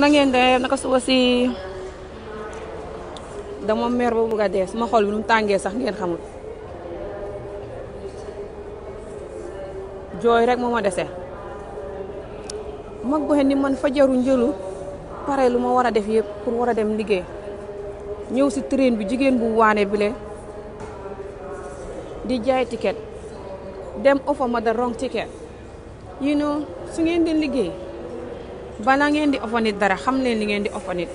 na ngeen de naka suba si dama mer ba bugg a dee suma xol bi nu mu tàngee sax ngeen xamul jooy rek moo ma dese mag bu ni man fa fajaru njëlu pare lu ma war a def yëpp pour war a dem liggéey ñëw si train bi jigéen bu waane bile di jaay ticket dem offer ma the wrong ticket you know su ngeen di liggéey bala ngeen di ofonit dara xam leen li ngeen di ofonit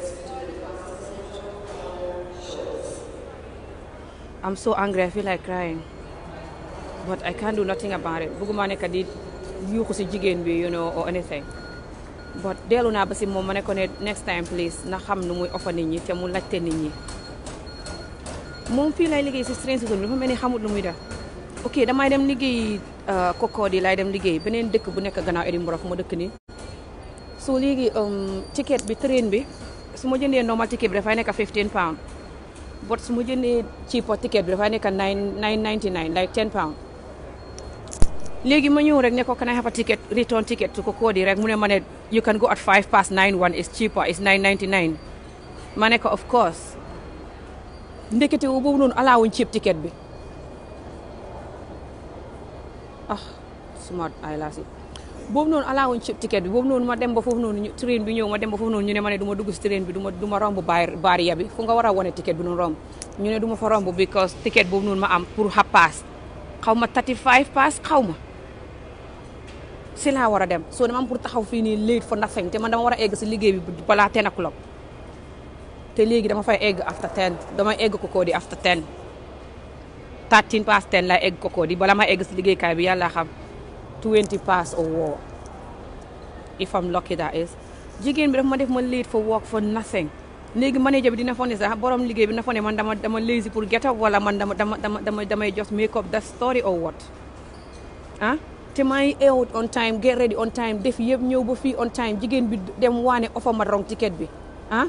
I'm so angry I feel like crying but I can't do nothing about it bëgguma di yuuxu si jigéen bi you know anything but dellu naa ba si moom ma ne ko ne next time please na xam nu muy offer nit ñi te mu laajte nit ñi moom fii lay liggéey si Strange Zone bi dafa mel ni xamut lu muy def ok damay dem liggéey euh, Cocody lay dem liggéey beneen dëkk bu nekk gannaaw Edinburgh fu ma dëkk nii so léegi um, ticket bi train bi su ma jëndee normal ticket bi dafay nekk 15 pound but su ma jëndee cheaper ticket bi dafay nekk 9 9.99 like 10 pound léegi ma ñëw rek ne ko can I have a ticket return ticket to Cocody rek mu ne ma ne you can go at 5 past 9 one is cheaper is 9.99 ma ne ko of course ndekete wu boobu noonu alaawuñ cheap ticket bi ah smart ay laa si boobu noonu alaawuñ ci ticket bi boobu noonu ma dem ba foofu noonu train bi ñëw ma dem ba foofu noonu ñu ne ma ne du ma dugg si train bi du ma du ma romb barrière bi fu war a wane ticket bi noonu romb ñu ne du ma fa because ticket boobu noonu ma am pour xa paas xaw ma 35 paas xaw ma si laa war a dem soo dama am pour taxaw fii nii late for nothing te man dama war a egg si liggéey bi balaa 10 o'clock te léegi dama fay egg after 10 damay egg ko koo di after 10 13 past 10 laa egg ko di bala ma egg si liggéeykaay bi yàlla xam 20 past or war if I'm lucky that is jigéen bi daf ma def ma late for work for nothing léegi manager bi dina fa ne sax borom liggéey bi na fa man dama dama lazy pour get up wala man dama dama dama damay just make up that story or what ah te may out on time get ready on time def yëpp ñëw ba fii on time jigéen bi dem waane offer ma wrong ticket bi ah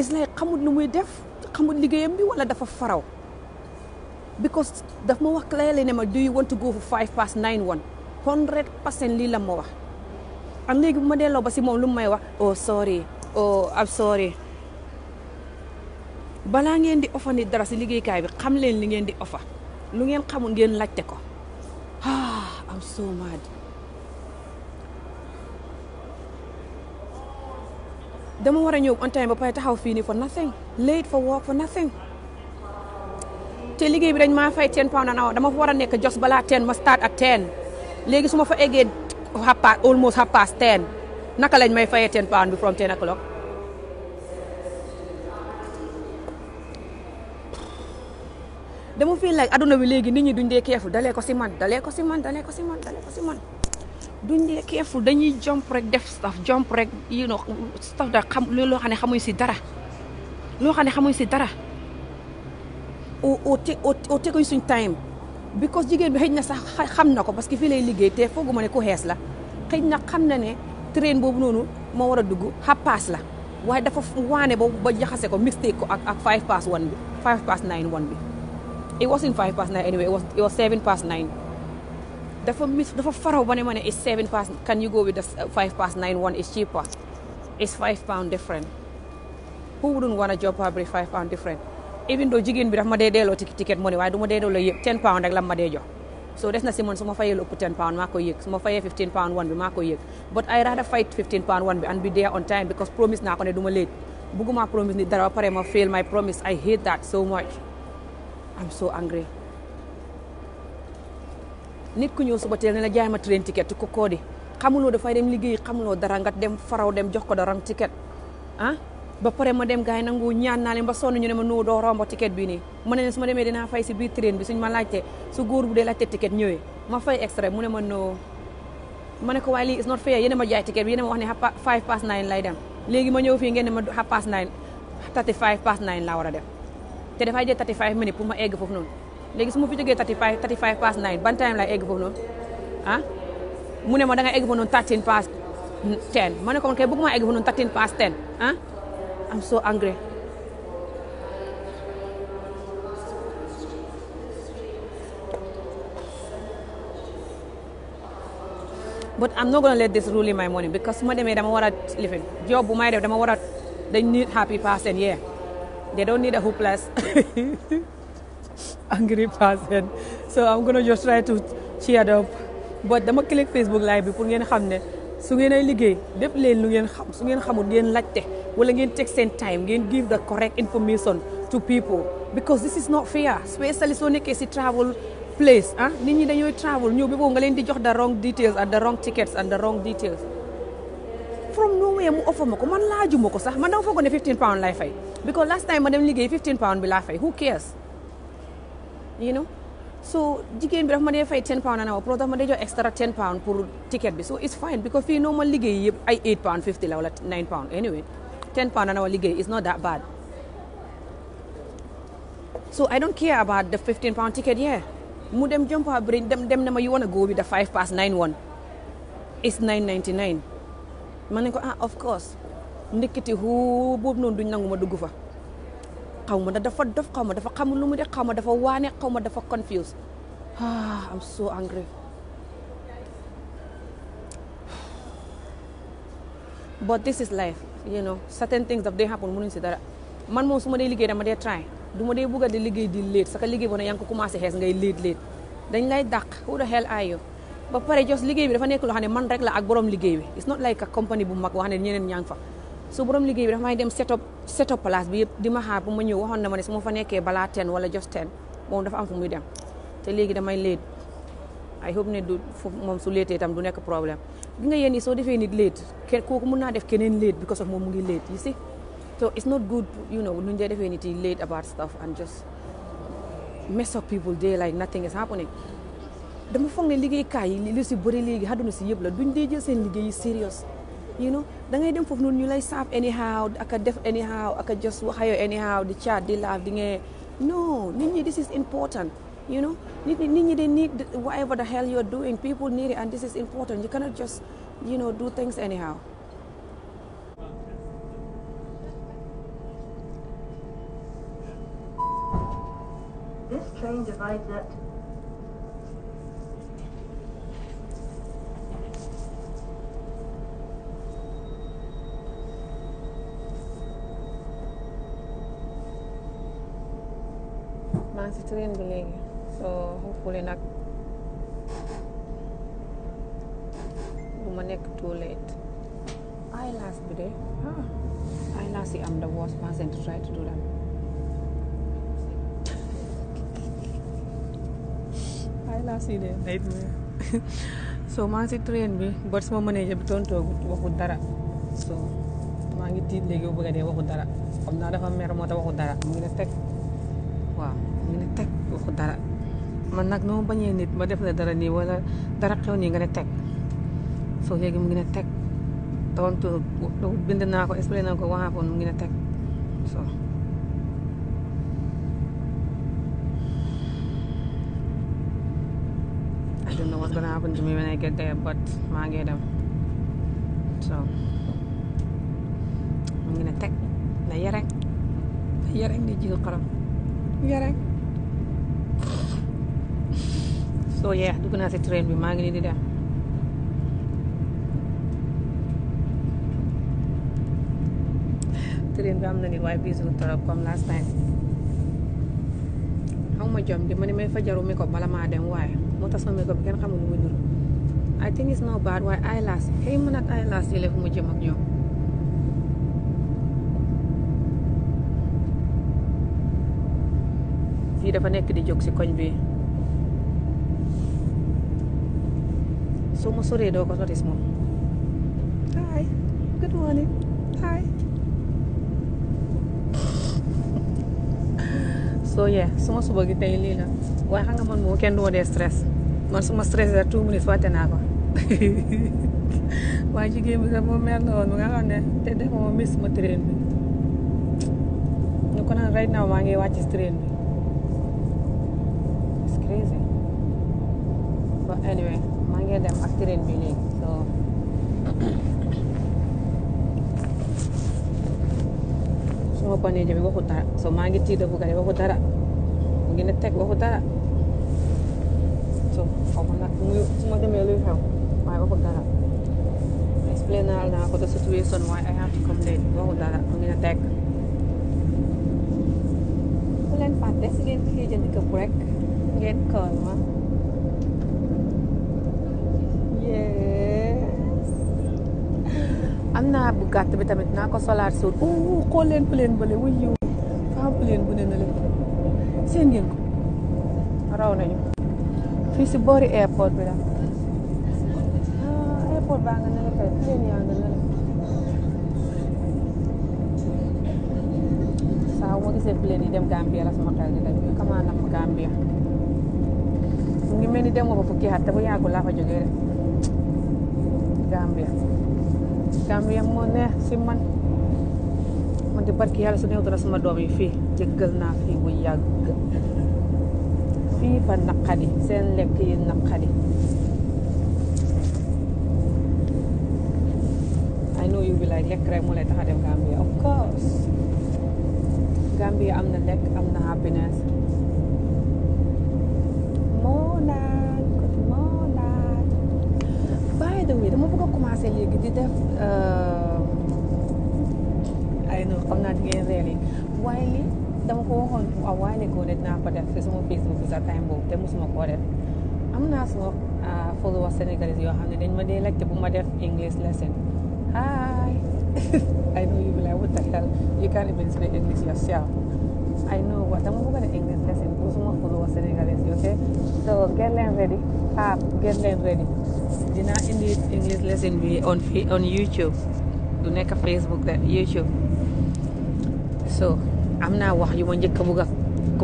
it's like xamut lu muy def xamut liggéeyam bi wala dafa faraw because daf ma wax clearly ne ma du you want to go for five past nine one hundred percent lii la ma wax am léegi bu ma delloo ba si moom lu mu may wax oh sorry oh I'm sorry balaa ngeen di offer nit dara si liggéeykaay bi xam leen li ngeen di offer lu ngeen xamul ngeen laajte ko ah I'm so mad dama war a ñëw on time ba pare taxaw fii nii fo nothing late for work for nothing te liggéey bi dañ maa fay ten pound an hour dama fa war nekk jos balaa ten ma start ak ten léegi su ma fa eggee half past almost half ten naka lañ may faye ten pound bi from ten o'clock dama feel like aduna bi léegi nit ñi duñ dee keeful dalee ko si man dalee ko si man dalee ko si man dalee ko si duñ dee keeful dañuy jomp rek def stuff jomp rek you know stuff da loo xam ne xamuñ si dara loo xam ne xamuñ si dara au au au taking suñ time because jigéen bi xëy na sax xam na ko parce que fii lay liggéey te fooguma ne ku xees la xëy na xam na ne train boobu noonu moo war a dugg half past la waaye dafa waane ba ba jaxase ko mistake ko ak ak five past one bi five past nine one bi it wasn't five past nine anyway it was it was seven nine dafa mis dafa faraw ba ne ma ne it's seven past can you go with the uh, five past nine one is cheaper it's five pound different who wouldn't want to job probably five pound different even though jigéen bi daf ma dee loo ticket money waaye du ma dee delloo yëpp 10 pound rek la ma dee jox so des na si man su ma fayee lu ëpp 10 pound maa koy yëg su ma fayee 15 pound one bi but I rather fight 15 pound one bi and be there on time because promise naa ko ne du ma late bugguma promise ni dara ba pare ma fail my promise I hate that so much I'm so angry nit ku ñëw suba teel ne la jaay ma train ticket ku ko di xamuloo dafay dem liggéey xamuloo dara nga dem faraw dem jox ko dara ticket ah ba pare ma dem gars yi nangu ñaan naa leen ba sonn ñu ne ma noo doo romb ticket bi nii ma ne leen su ma demee dinaa fay si biir train bi suñ ma laajte su góor bu dee laajte ticket ñëwee ma fay extrait mu ne ma noo ma ne ko waaye lii is not fair yéen a ma jaay ticket bi yéen a ma wax ne five past nine lay dem léegi ma ñëw fii ngeen ne ma half past nine thirty five past nine laa war a dem te dafay jël thirty five minutes pour ma egg foofu noonu léegi su ma fi jógee thirty five thirty five past nine ban time laay egg foofu noonu ah? mu ne ma da nga egg foofu noonu thirteen ma ne ko man kay bëgg egg foofu noonu thirteen past ten ah I'm so angry. but I'm not gonna let this rule in my morning because ma demee dama war a living job bu may def dama war a they need happy person yeah they don't a hopeless angry person dama click Facebook live bi pour ngeen xam ne su ngeen ay liggéey def leen lu ngeen xam su ngeen xamul ngeen laajte. wala ngeen take seen time ngeen give the correct information to people because this is not fair especially soo nekkee si travel place ah nit ñi dañooy travel ñëw bi boobu nga leen di jox the wrong details and the wrong tickets and the wrong details from nowhere mu offer ma ko man laajuma ko sax man dama foog ne 15 pound lay fay because last time ma dem liggéey 15 pound bi laa fay who cares you know so jigéen bi dafa ma dee fay 10 pound an hour pour dafa ma fii noo ma liggéey yëpp ay 8 pound 50 la 10 pound an hour liggéey is not that bad so I don't care about the 15 pound ticket yeah mu dem jompa brain dem dem na ma you wanna go with the 5 past 9 one it's 9.99 ma ne ko ah of course ndekete huu boobu noonu duñ nangu ma dugg fa xaw ma dafa dof xaw ma dafa xamul lu mu de xaw ma dafa waane xaw ma dafa confuse ah I'm so angry but this is life you know certain things daf day happen mënuñ si dara man moom su ma dee liggéey dama dee try du ma dee bëgg a di liggéey di léet sa liggéey boo ne yaa ngi ko commencé xees ngay léet léet dañ lay dàq who the hell are you ba pare jos liggéey bi dafa nekk loo xam ne man rek la ak borom liggéey bi it's not like a company bu mag wax ne ñeneen ñaa ngi fa so borom liggéey bi dafa may dem set up place bi di ma xaar bu ma ñëw waxoon na ma ne su ma fa nekkee balaa wala jos ten moom dafa am fu muy dem te léegi damay léet I hope ne du moom su léetee itam du nekk problème bi nga yéen i soo defee nit léet kenn kooku mun naa def keneen léet because of moom mu ngi léet you see so it's not good you know nuñ dee defee nit yi late about stuff and just mess up people day like nothing is happening dama foog ne liggéeykaay yi li si bëri léegi àdduna si yëpp la duñ dee jël seen liggéey yi serious you know ngay dem foofu noonu ñu lay saaf anyhow ak def anyhow ak a just waxayo anyhow di chat di laaf di ngee non nit ñi this is important you know ñi they need whatever the hell you're doing people need it and this is important you cannot just do things anyhow so hopefully nag bu ma nekk too late eyelash bi de ah eyelash yi am the worst person bi but sama manager bi tontoogut waxut dara so maa ngi tiit léegi bu bëgg a dee waxut dara xam naa dafa mer moo tax waxut dara mu ngi ne teg waaw mu ne teg waxut dara man nag noo bañee nit ma def la dara nii wala dara xew nii nga ne teg soo léegi mu ngi ne teg tontu naa ko expliqué ko waxaa mu ngi ne teg so I don't know what's maa ngi dem so mu ngi ne teg na yereng na yereng di jiw xaram yereng soo yeex dugg naa si train bi maa ngi nii di dem train bi am na nit waaye bisul torop comme last time xaw ma jom di ma ne may fa jaru mi ko bala maa dem waaye mu tax sama mi ko bi kenn xamul mu nuru I think it's not bad waaye eyelash xëy mën ak eyelash yi la fu ma jëm ak ñoom fii dafa nekk di jóg ci koñ bi soo ma doo ko notice soo yee suma suba gi tey lii la waaye xam man moom kenn du dee stress man suma stress two minutes fàtte naa ko waaye jigéen bi sax moom mer na woon nga xam ne te def ma miss ma train bi ñu ko naan right now maa ngi wàcc train bi it's crazy anyway maa ngi dem ak train bi léegi so su ma panee jëmi waxu dara so maa ngi tiit bu gare waxu dara mu ngi waxu dara so xaw ma nag su ma demee luy xew waxu dara explain naa naa ko the situation why I waxu dara mu ngi ne teg bu leen fàtte si ngeen fi jënd këpp rek sac bu gàtt bi tamit naa ko solaar suur oo xool leen pëleen bële wuy yiw faa pëleen bu ne na leen seen ngeen ko raw nañu si boori airport ah, yaa nga ne la moo gisee pëleen yi dem Gambia la sama xel di daj bi nam Gambia mu ngi mel ni dem nga fa fukki at te bu yàggul laa fa jógee de Gambia Gambien moo neex si man man de barki yàlla su neexutoon sama doom yi fii jëggal naa fii bu yàgg fii fa naqadi seen lekk yi naqadi I know you be like lekk rek moo lay tax a dem Gambia of course Gambia am na lekk am na happiness commencé léegi di def ay euh, no xam naa di ngeen réer yi waaye li dama ko waxoon a waaye léegi ne dinaa ko def sama Facebook bi sa time boobu te mosuma koo def am naa sama euh, followers sénégalais yoo xam ne dañ ma dee laajte bu ma def English lesson hi I know you be like what the hell you can't even speak English yourself I know what dama bëgg a def English lesson pour suma followers sénégalais yi ok so get leen ready ah get leen ready dina indi English lesson bi on on YouTube du nekk Facebook de YouTube so am naa wax yu ma njëkk a bugg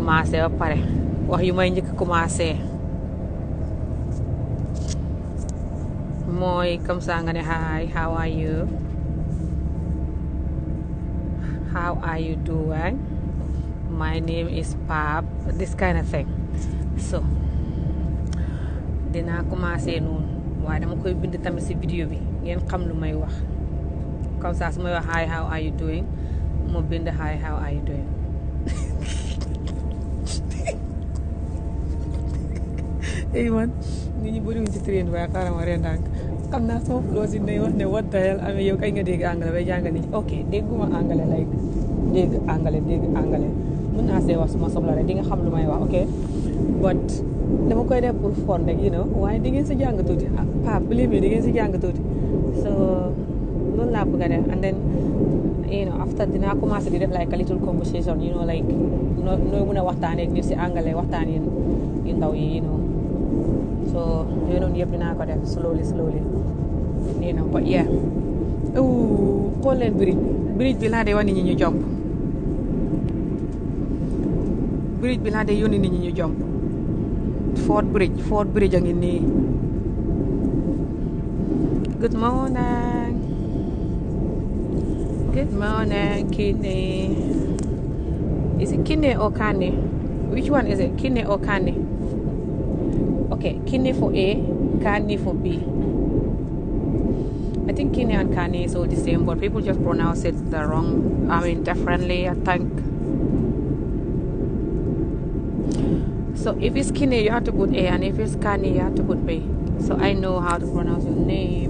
ba pare wax yu may njëkk a commencé mooy comme ça nga ne hi how are you how are you doing my name is Pap this kind of thing so dinaa commencé noonu. waaye dama koy bind tamit si vidéo bi ngeen xam lu may wax comme ça su may wax hi how are you doing ma bind hi how are you doing ay man nit ñi bëriwuñ si train waaye xaaral ma reen xam naa sama flow nay wax ne what the hell amee yow kay nga dégg anglais bay jàngal nit ñi ok dégguma anglais lay dégg anglais dégg anglais mën naa see wax suma soxla rek di xam lu may wax ok dama koy def pour fon rek you waaye di ngeen si jàng tuuti ah Pape believe me di si jàng tuuti so loolu laa bëgg dem def and then after dinaa commencé di def like a little conversation you know like noo noo a waxtaanee ak si anglais waxtaan yi ndaw yi you know yëpp dinaa ko def slowly slowly you know but yeah xool leen bridge bi laa dee wax nit ñi ñu jomp bridge bi laa dee yónni nit ñi ñu jomp Fort Bridge Fort Bridge a ngi nii good morning good morning Kini is it Kini or Kani which one is it Kini or Kani okay Kini for A Kani for B I think Kini and Kani is all the same but people just pronounce it the wrong I mean differently I So if it's Kine, you have to put A, and if it's Kani, you have to put So I know how to pronounce your name.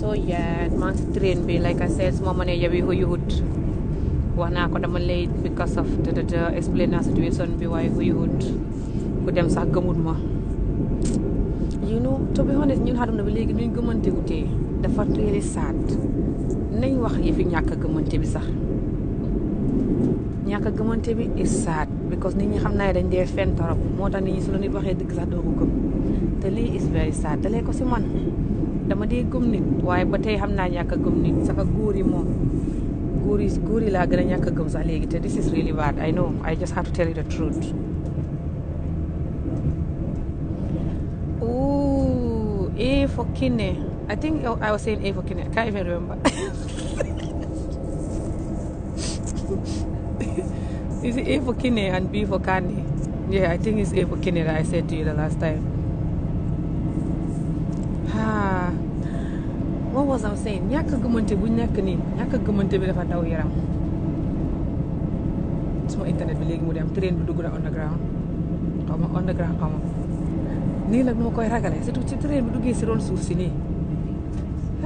so yeah, man si train bi like I said suma ma ne yabi huyuhut wax naa ko dama late because of the the the explain naa situation bi waaye huyuhut ku dem sax gëmut ma. you know to be honest ñun àdduna bi léegi nuñ gëmante wutee dafa really sad nañ wax yi fi ñàkk a sax ñàkk a is sad. because nit ñi xam naa dañ dee fen torop moo tax nit ñi su la nit waxee dëgg sax doo ko gëm te lii is very sad dalee ko si man dama dee gëm nit waaye ba tey xam naa ñàkk a gëm nit saka góor yi moom góor yi laa gën a ñàkk a gëm sax léegi te this is really bad I know I just have to tell you the truth ooh A for Kine I think I was saying A for Kine I can't even remember Is it A for kidney and B for I think it's A for kidney I said to you last time. Ah, what was I saying? ñàkk gëmante bu nekk nii ñàkk gëmante bi dafa daw yaram. suma internet bi léegi mu dem train bi dugg na underground xaw ma underground xaw nii nag nu koy ragalee surtout ci train bi duggee si ron suuf si nii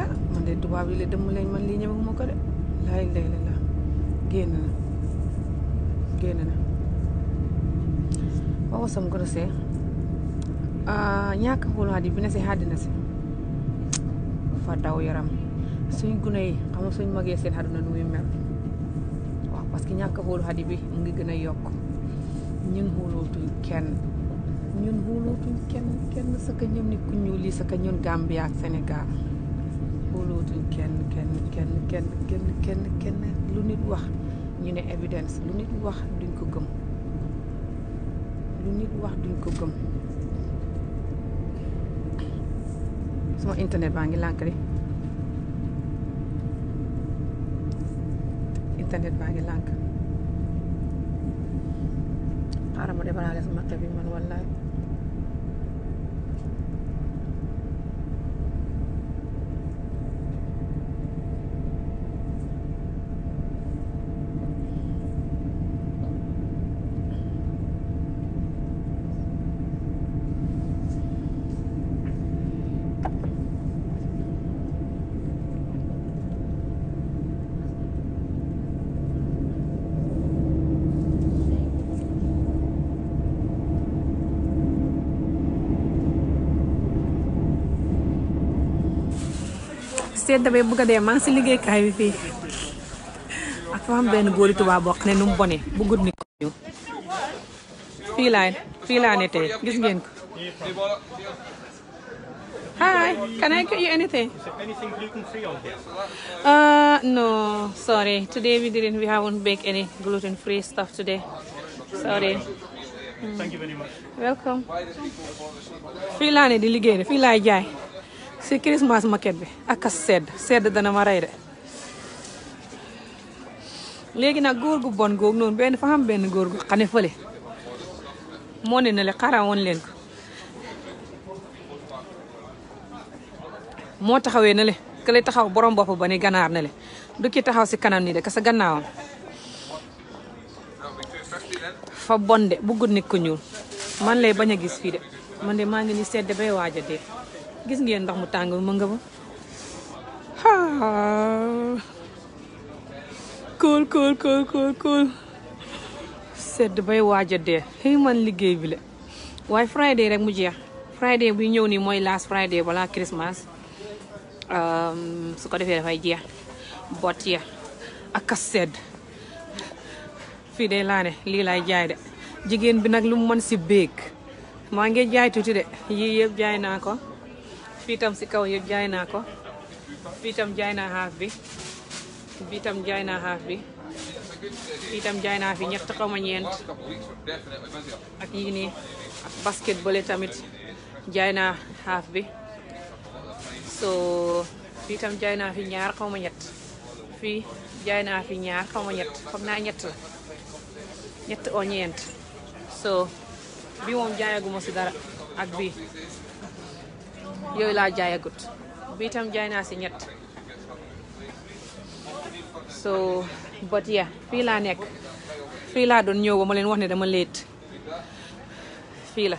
ah man de tubaab yi la dem man lii ñeme ma ko de laay la la génn génn na what was ah, ñàkk xulwaat yi bi na si àddina si fa daw yaram suñ gune yi xam suñ magee seen àdduna nu muy mel waaw parce que ñàkk xulwaat yi bi mu ngi gën a yokk ñun xulootuñ kenn ñun xulootuñ kenn kenn sa ka ñoom ni ku ñuul yi sa ka ñun Gambia ak Sénégal xulootuñ kenn kenn kenn kenn kenn kenn kenn lu nit wax ñu ne évidence lu nit wax duñ ko gëm lu nit wax duñ ko gëm sama internet baa ngi lànk de internet baa ngi lànk xaaral ma de sama xel bi man wallaay sedd ba bëgg dee man ngi si liggéeykaay bi fii ak fa benn góori tubaab boo ne nu bone bu gudd ni ko fii laa fii laa ne gis ngeen ko Hi, can I get anything? Is uh, no, sorry. Today we didn't, we gluten-free stuff today. Fii laa di liggéey, fii laa jaay. si Christmas makket bi ak sedd sedd dana ma rey de léegi nag góor gu bon googu noonu benn fa xam benn góor gu xane fële moo ne na le xarawoon leen moo taxawee na le ka taxaw borom bopp ba ni ganaar na le du ki taxaw si kanam nii de ka sa gannaawam fa bon de bu gudd nit ko ñuul man lay bañ a gis fii de man de maa ngi ni sedd bay waaj a dee gis ngeen ndox mu tàng mën nga ba kool ah. kool kool kool kool sedd bay waaj a dee man liggéey bi la waaye friday rek mu jeex friday bu ñëw nii mooy last friday balaa christmas um, su ko defee dafay jeex bot ya ak sedd fii de laa lii laay jaay de jigéen bi nag lu mu mën si béeg maa ngi jaay tuuti de yii yëpp jaay naa ko fii tam si kaw yëpp jaay naa ko fii tam jaay naa xaaf bi fii tam jaay naa xaaf bi fii jaay naa fi ñet xaw ma ñeent ak yii nii ak tamit jaay naa xaaf bi so fii tam jaay naa fi ñaar xaw ma ñett fii jaay naa fi ñaar xaw ma ñett foog naa ñett la ñett o ñeent so bi moom jaayaguma si dara ak bi yooyu laa jaayagut bi itam jaay naa si ñett so but yeah fii laa nekk fii laa doon ñëw ba ma leen wax ne dama léet fii la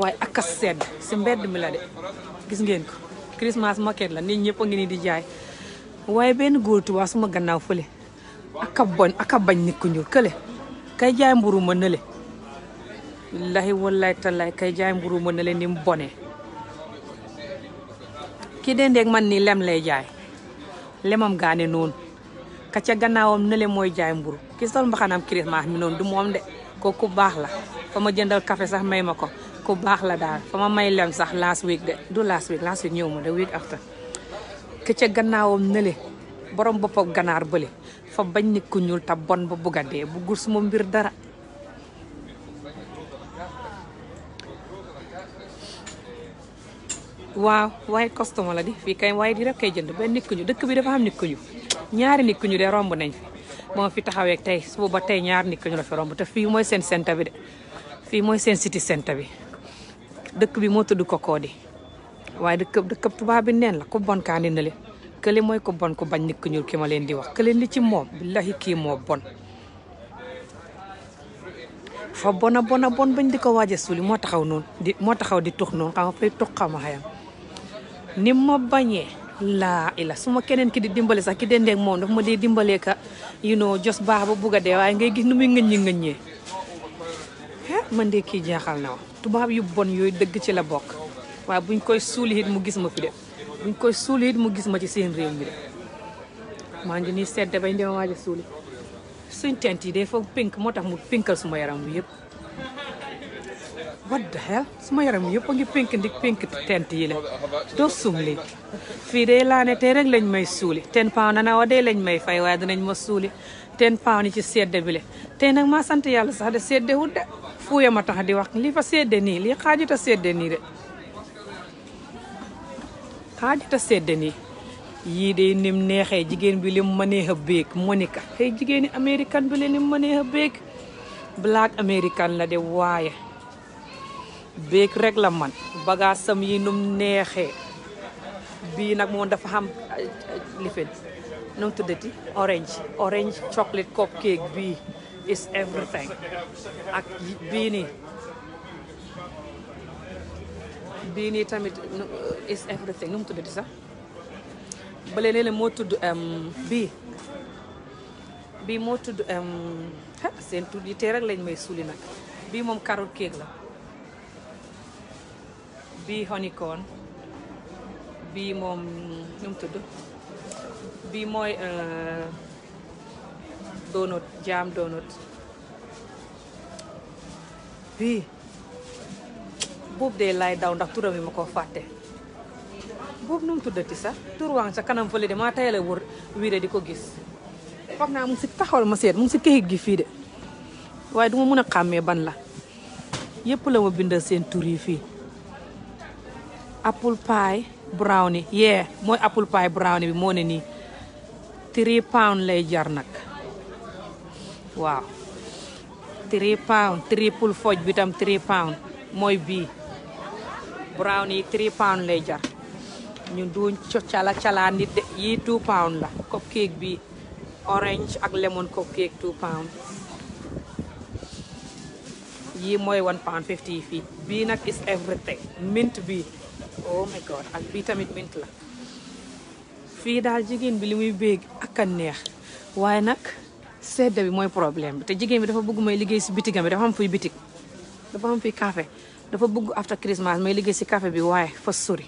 waaye ak a sedd si mbedd mi la de gis ngeen ko Christmas market la nit ñëpp ngi nii di jaay waaye benn góor tubaab suma gannaaw fële ak a bañ bañ nit ku ñuul kële kay jaay mburu ma nële billahi wallahi tallahi kay jaay mburu ma nële ni mu ki dendeeg man nii lem lay jaay lemam gaane noonu ka ca gannaawam nële mooy jaay mburu ki sol mbaxanaam Christmas mi noonu du moom de ko ku baax la fa ma jëndal café sax may ma ko ku baax la daal fa ma may lem sax last week de du last week last week ñëw ma de week after ka ca gannaawam nële borom bopp ganaar bële fa bañ nit ku ñuul ta bon ba bugga dee bu gur suma mbir dara waaw waaye costume la di fii kay waaye di rek kay jënd benn nit ñu dëkk bi dafa am nit ku ñu ñaari nit ku ñu de romb nañ fi moo fi taxawee tey suba ba tey ñaari nikk ñu la fi romb te fii mooy seen centre bi de fii mooy seen siti centre bi dëkk bi moo ko Cocody waaye dëkk dëkk tubaab bi neen la ko bon kaa ni na kële mooy ko bon ku bañ nit ku ki ma leen di wax kële li ci moom billahi kii moo bon fa bona bona bon bañ di ko waaja suuli moo taxaw noonu di moo taxaw di tux noonu xam nga ni ma bañee laa ila su keneen ki di dimbale sax ki dendeeg moom daf ma dee dimbalee ka you jos baax ba bugg a dee waaye ngay gis nu muy ngëññi ngëññee man de kii jaaxal na wa tubaab yu bon yooyu dëgg ci la bokk waaye buñ koy suuli it mu gis ma fi de buñ koy suuli it mu gis ma ci seen réew mi de maa ngi nii sedd bañ dema waaja suuli suñ tent yi de foog pink moo tax mu pinkal suma yaram bi yëpp what the suma yaram yëpp a ngi pink ndik pink tent yi la sum lii fii de laane tey rek lañ may suuli ten pound na wa dee lañ may fay waaye danañ ma suuli ten pound yi ci sedde bi le tey nag maa sant yàlla sax de sedde wut de fuuya ma tax di wax lii fa sedde nii li xaajuta sedde nii de xaajuta sedde yii de nim neexee jigéen bi lim mënee a béeg Monica xëy jigéeni américaine bi le lim mënee a béeg black américaine la de waaye beeg rek la man bagage sam yi num neexe bii nag moom dafa xam lifin nu mu tuddati orange orange chocolate cupcake bii is everything ak bii nii bii nii tamit is everything nu mu tuddati sax balee nee le moo tudd bii bii moo tudd seen tudd yi tee rek lañ may suuli nag bii moom carrot cake la bii honeycomb bii moom nu tudd bii mooy euh, donut jaam donut bii buub dee laay daw ndax turam yi ma ko fàtte buub nu mu tuddati sax tur waan sa kanam fële de maa tayale wër wiire di ko gis foog naa mu ngi si taxawal ma seet mu si këyit gi fii de waaye duma mën a xàmmee ban la yépp la ma bindal seen tur fii apple pie brownie yeah mooy apple pie brownie moo ne nii three pound lay jar nag waaw three pound three pound mooy bii brownie three pound lay jar ñu duñ cala calaa de yii two pound la cupcake bi orange ak lemon cupcake two pound yii mooy one pound fifty fii bii nag is everything mint bii oh tamit mint la fii daal jigéen bi li muy béeg ak a neex waaye nag sedd bi mooy problème bi te jigéen bi dafa bëgg may liggéey si bitigam bi dafa am fuy bitig dafa am fuy café dafa bëgg after Christmas may liggéey si café bi waaye fa sori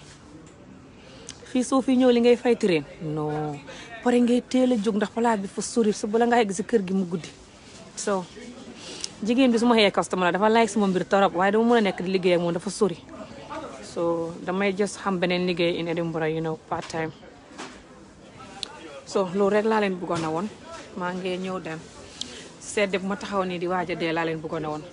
fii soo fi ñëw li ngay fay tireen non ngay teel a jóg ndax palaas bi fa sori su bala nga egg si kër gi mu guddi so jigéen bi su ma xëyee customer dafa like sama mbir torop waaye dama mën a nekk di liggéey moom dafa sori so damay just xam beneen liggéey in Edinburgh you know part time so loolu rek laa leen bëggoon woon maa ngi ñëw dem sedd ma taxaw nii di waaj dee laa leen bëggoon a woon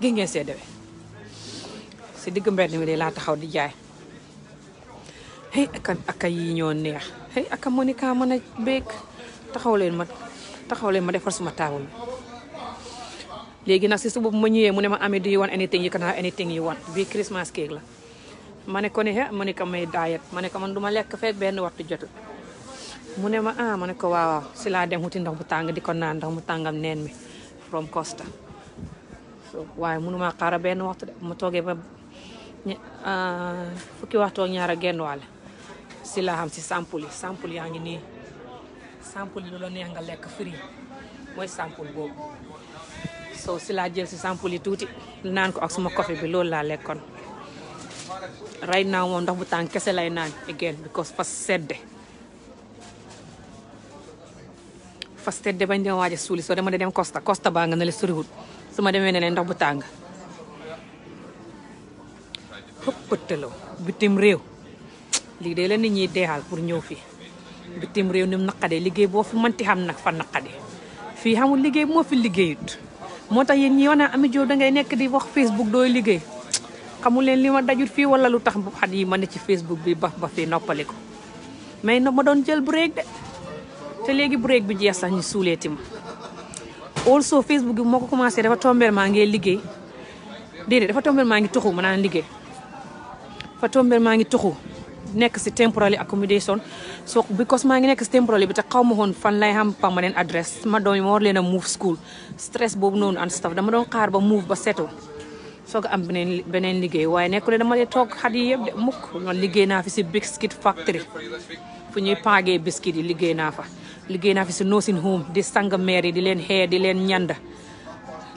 gis sedd bi si digg mbedd mi de laa taxaw di jaay hey aka aka yi ñoo neex hey aka monika mën a béek taxaw leen ma taxaw leen ma defar suma taabal bi léegi nag si su boobu ma ñëwee mu ne ma amee di you want anything you can have anything you want bii Christmas cake la ma ne ko he ma ne ko may diet ma ne ko man duma lekk fekk benn waxtu jotul mu ne ma ah ma ne ko waaw si laa dem wuti ndox mu tàng di ko naan mu tàngam neen mi from Costa waaye mënuma xaara benn waxtu de mu toogee ba ah, fukki waxtu ak ñaar a genn wàll si laa xam si sample yi sample yaa ngi nii sample yi lu la neex nga lekk firi mooy sample boobu sow si laa jël si sampuli tuuti naan ko ak suma coffee bi loolu laa lekkoon right now moom ndox bu tàng kese lay naan again because fas sedde fas sedde bañ dama waaj a suuli soo dama dem Costa Costa baa nga ne la soriwut suma demee ne leen ndox bu tàng xëppëttaloo bitim réew lii de la nit ñiy deexal pour ñëw fii bitim réew ni mu naqadee liggéey boo fi mënti xam nag fa naqadee fii xamul liggéey moo fi liggéeyut moo tax yéen ñi wax naa Ami Diop dangay nekk di wax Facebook dooy liggéey xamul leen li ma dajut fii wala lu tax xat yi ma ne ci Facebook bi ba ba fii noppali ko mais na ma doon jël break de te léegi break bi jeex sax ñu suuleeti ma also Facebook bi moo ko commencé dafa tombeel maa ngi liggéey déedéet dafa tombeel maa ngi tuxu ma naan liggéey dafa tombeel maa ngi tuxu nekk si temporary accommodation so because maa ngi nekk si temporary bi te xaw ma woon fan lay xam permanent address ma doom yi ma war leen a move school stress boobu noonu and stuff dama doon xaar ba move ba settle soog am beneen beneen liggéey waaye nekk ne dama dee toog xat yi yëpp de mukk liggéey naa fi si biscuit factory fu ñuy paagee biskit yi liggéey naa fa liggéey naa fi si nursing home di sang mère yi di leen xee di leen ñanda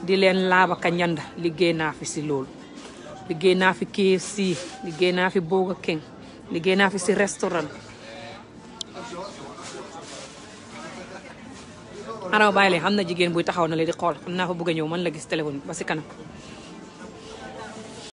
di leen ka ñanda liggéey naa fi si loolu liggéey naa fi KFC liggéey naa fi Burger King liggéey naa fi si restaurant araw bàyyi lee xam na jigéen buy taxaw na la di xool xam naa fa bëgg ñëw man la gis téléphone ba si kanam